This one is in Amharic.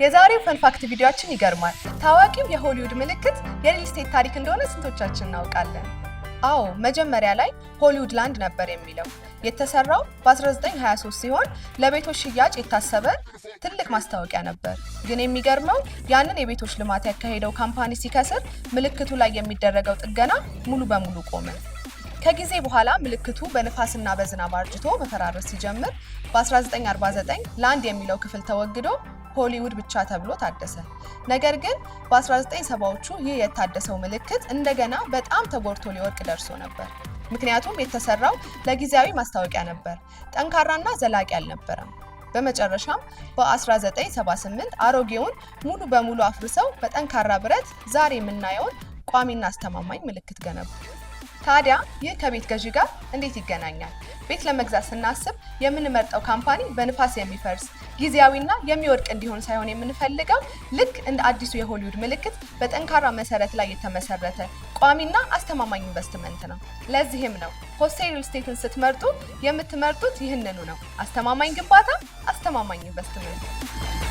የዛሬው ፈንፋክት ቪዲዮችን ይገርማል። ታዋቂው የሆሊውድ ምልክት የሪል ስቴት ታሪክ እንደሆነ ስንቶቻችን እናውቃለን? አዎ መጀመሪያ ላይ ሆሊውድ ላንድ ነበር የሚለው። የተሰራው በ1923 ሲሆን ለቤቶች ሽያጭ የታሰበ ትልቅ ማስታወቂያ ነበር። ግን የሚገርመው ያንን የቤቶች ልማት ያካሄደው ካምፓኒ ሲከስር ምልክቱ ላይ የሚደረገው ጥገና ሙሉ በሙሉ ቆመ። ከጊዜ በኋላ ምልክቱ በንፋስና በዝናብ አርጅቶ መፈራረስ ሲጀምር በ1949 ላንድ የሚለው ክፍል ተወግዶ ሆሊውድ ብቻ ተብሎ ታደሰ። ነገር ግን በ1970ዎቹ ይህ የታደሰው ምልክት እንደገና በጣም ተጎድቶ ሊወድቅ ደርሶ ነበር። ምክንያቱም የተሰራው ለጊዜያዊ ማስታወቂያ ነበር፣ ጠንካራና ዘላቂ አልነበረም። በመጨረሻም በ1978 አሮጌውን ሙሉ በሙሉ አፍርሰው በጠንካራ ብረት ዛሬ የምናየውን ቋሚና አስተማማኝ ምልክት ገነቡ። ታዲያ ይህ ከቤት ገዢ ጋር እንዴት ይገናኛል? ቤት ለመግዛት ስናስብ የምንመርጠው ካምፓኒ በንፋስ የሚፈርስ ጊዜያዊና የሚወድቅ እንዲሆን ሳይሆን የምንፈልገው ልክ እንደ አዲሱ የሆሊውድ ምልክት በጠንካራ መሰረት ላይ የተመሰረተ ቋሚና አስተማማኝ ኢንቨስትመንት ነው። ለዚህም ነው ሆስቴል ሪል ስቴትን ስትመርጡ የምትመርጡት ይህንኑ ነው። አስተማማኝ ግንባታ፣ አስተማማኝ ኢንቨስትመንት